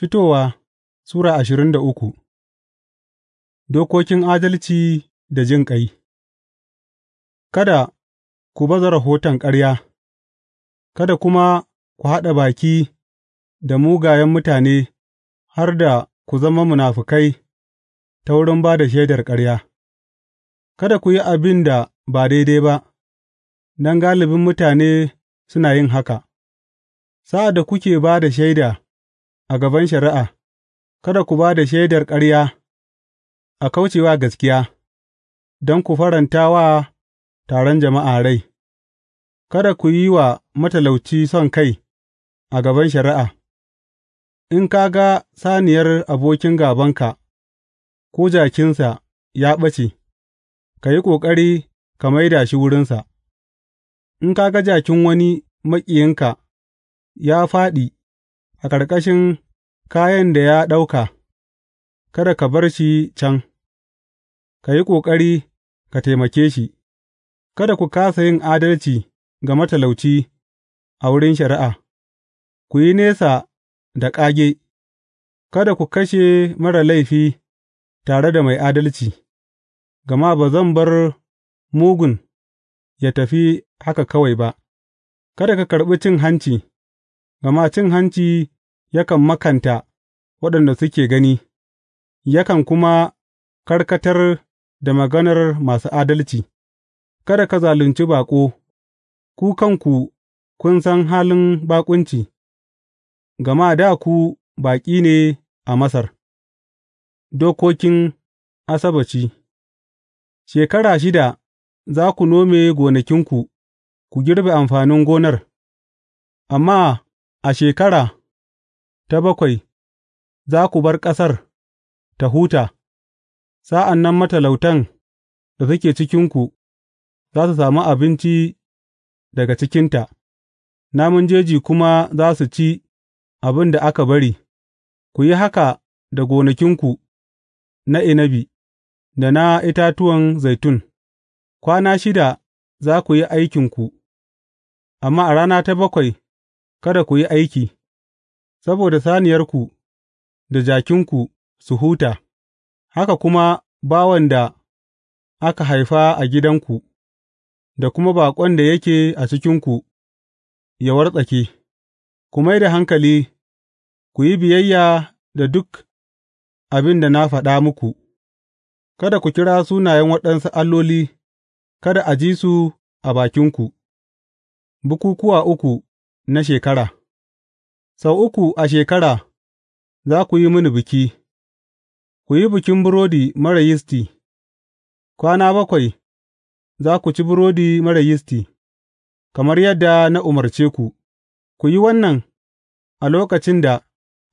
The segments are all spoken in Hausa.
Fitowa Sura ashirin da uku Dokokin adalci da jinƙai Kada ku baza rahoton ƙarya, kada kuma ku haɗa baki da mugayen mutane har da ku zama munafukai ta wurin ba da shaidar ƙarya, kada ku yi abin da ba daidai ba, don galibin mutane suna yin haka, sa'ad da kuke ba da shaida. a gaban shari'a, kada ku ba da shaidar ƙarya a kaucewa gaskiya, don ku faranta wa taron jama'a rai, kada ku yi wa matalauci son kai a gaban shari'a, in ka ga saniyar abokin gabanka ko jakinsa ya ɓace, ka yi ƙoƙari ka maida shi wurinsa, in ka ga jakin wani maƙiyinka ya fāɗi a ƙarƙashin kayan da ya ɗauka, kada ka bar shi can, ka yi ƙoƙari ka taimake shi, kada ku kāsa yin adalci ga matalauci a wurin shari'a, ku yi nesa da ƙage, kada ku kashe mara laifi tare da mai adalci, gama ba zan bar mugun ya tafi haka kawai ba, kada ka karɓi cin hanci. gama cin hanci yakan makanta waɗanda suke gani, yakan kuma karkatar da maganar masu adalci, kada ka zalunci baƙo, ku kanku kun san halin baƙunci, gama da ku baƙi ne a Masar. Dokokin Asabaci Shekara shida za ku nome gonakinku ku girbe amfanin gonar, amma A shekara ta bakwai za ku bar ƙasar ta huta, sa'an nan matalautan da suke cikinku za su sami abinci daga cikinta, namun jeji kuma za su ci abin da aka bari; ku yi haka da gonakinku na inabi da na itatuwan zaitun, kwana shida za ku yi aikinku, amma a rana ta bakwai. Kada ku yi aiki, saboda saniyarku da jakinku su huta, haka kuma bawan da aka haifa a gidanku, da kuma baƙon da yake a cikinku ya wartsake; ku mai da hankali, ku yi biyayya da duk abin da na faɗa muku, kada ku kira sunayen waɗansu alloli, kada a ji su a bakinku. Bukukuwa uku na shekara Sau uku a shekara za ku yi mini biki, ku yi Bikin Burodi Marar Yisti, kwana bakwai za ku ci burodi marar yisti, kamar yadda na umarce ku, ku yi wannan a lokacin da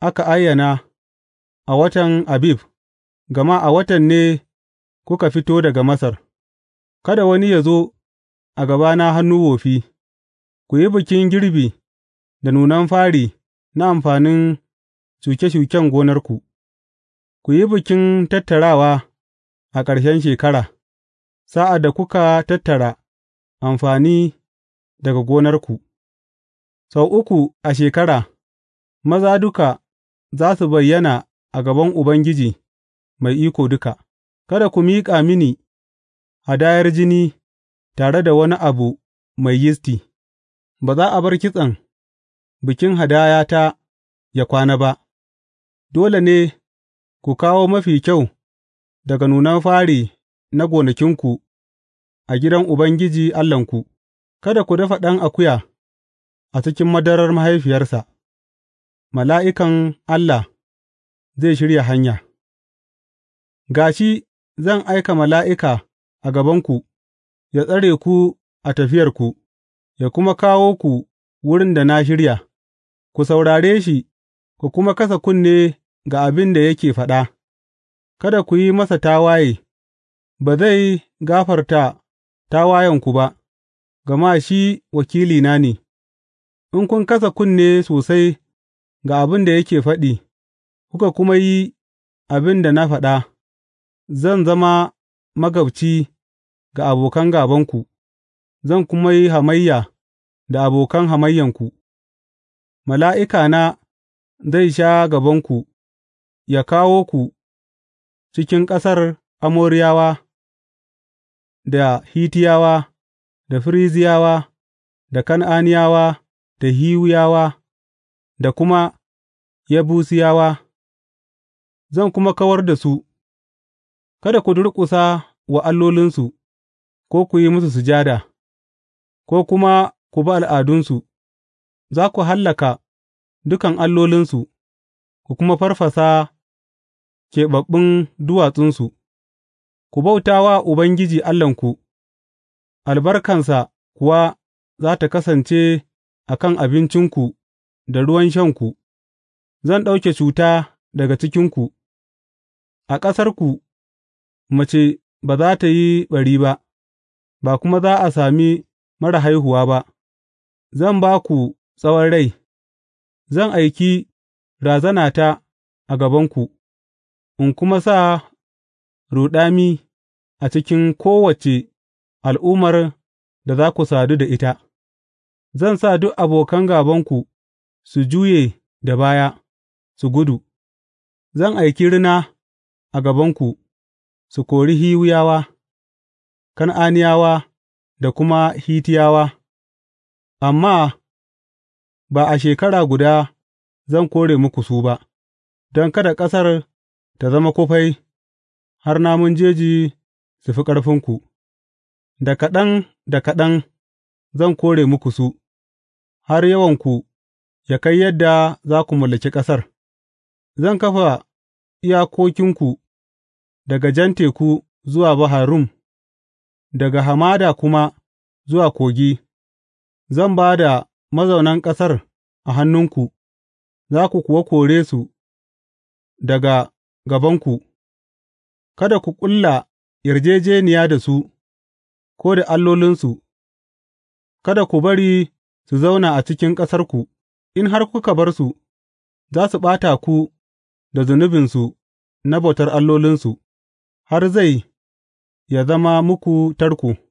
aka ayyana a watan Abib, gama a watan ne kuka fito daga Masar, kada wani ya zo a gabana hannu wofi, ku yi bikin girbi da nunan fari na amfanin shuke shuken gonarku, ku yi Bikin Tattarawa a ƙarshen shekara, sa'ad da kuka tattara amfani daga gonarku, sau uku a shekara, maza duka za su bayyana a gaban Ubangiji Mai Iko Duka, kada ku miƙa mini hadayar jini tare da wani abu mai yisti, ba za a bar kitsen. bikin hadayata ya kwana ba, dole ne ku kawo mafi kyau daga nunan fari na gonakinku a gidan Ubangiji Allahnku, kada ku dafa ɗan akuya a cikin madarar mahaifiyarsa, mala'ikan Allah zai shirya hanya. Ga shi zan aika mala'ika a gabanku, ya tsare ku a tafiyarku, ya kuma kawo ku wurin da na shirya. ku saurare shi ku kuma kasa kunne ga abin da yake faɗa, kada ku yi masa tawaye, ba zai gafarta tawayenku ba, gama shi wakilina ne, in kun kasa kunne sosai ga abin da yake faɗi, kuka kuma yi abin da na faɗa, zan zama magabci ga abokan gabanku, zan kuma yi hamayya da abokan hamayyanku. Mala'ikana zai sha gabanku, yă kawo ku cikin ƙasar Amoriyawa, da hitiyawa da firiziyawa da Kan'aniyawa, da Hiwiyawa, da kuma Yebusiyawa, zan kuma kawar da su, kada ku durƙusa wa allolinsu, ko ku yi musu sujada, ko kuma ku bi al'adunsu. Za ku hallaka dukan allolinsu ku kuma farfasa keɓaɓɓun duwatsunsu; ku bauta wa Ubangiji Allahnku, albarkansa kuwa za tă kasance a kan abincinku da ruwan shanku, zan ɗauke cuta daga cikinku, a ƙasarku mace ba za tă yi ɓari ba, ba kuma za a sami mara haihuwa ba, zan ba ku tsawon rai, zan aiki razanata a gabanku, in kuma sa ruɗami a cikin kowace al'ummar da za ku sadu da ita, zan sa duk abokan gabanku su juye da baya, su gudu, zan aiki rina a gabanku, su kori Hiwiyawa, Kan'aniyawa da kuma hitiyawa, amma Ba a shekara guda zan kore muku su ba, don kada ƙasar ta zama kufai har namun jeji su fi ƙarfinku, da kaɗan da kaɗan zan kore muku su, har yawanku ya kai yadda za ku mallaki ƙasar, zan kafa iyakokinku daga Jan Teku zuwa Bahar Rum, daga hamada kuma zuwa Kogi, zan ba da mazaunan ƙasar a hannunku, za ku kuwa kore su daga gabanku, kada ku ƙulla yarjejeniya da su ko da allolinsu, kada ku bari su zauna a cikin ƙasarku, in har kuka bar su, za su ɓata ku da zunubinsu na bautar allolinsu, har zai ya zama muku tarko.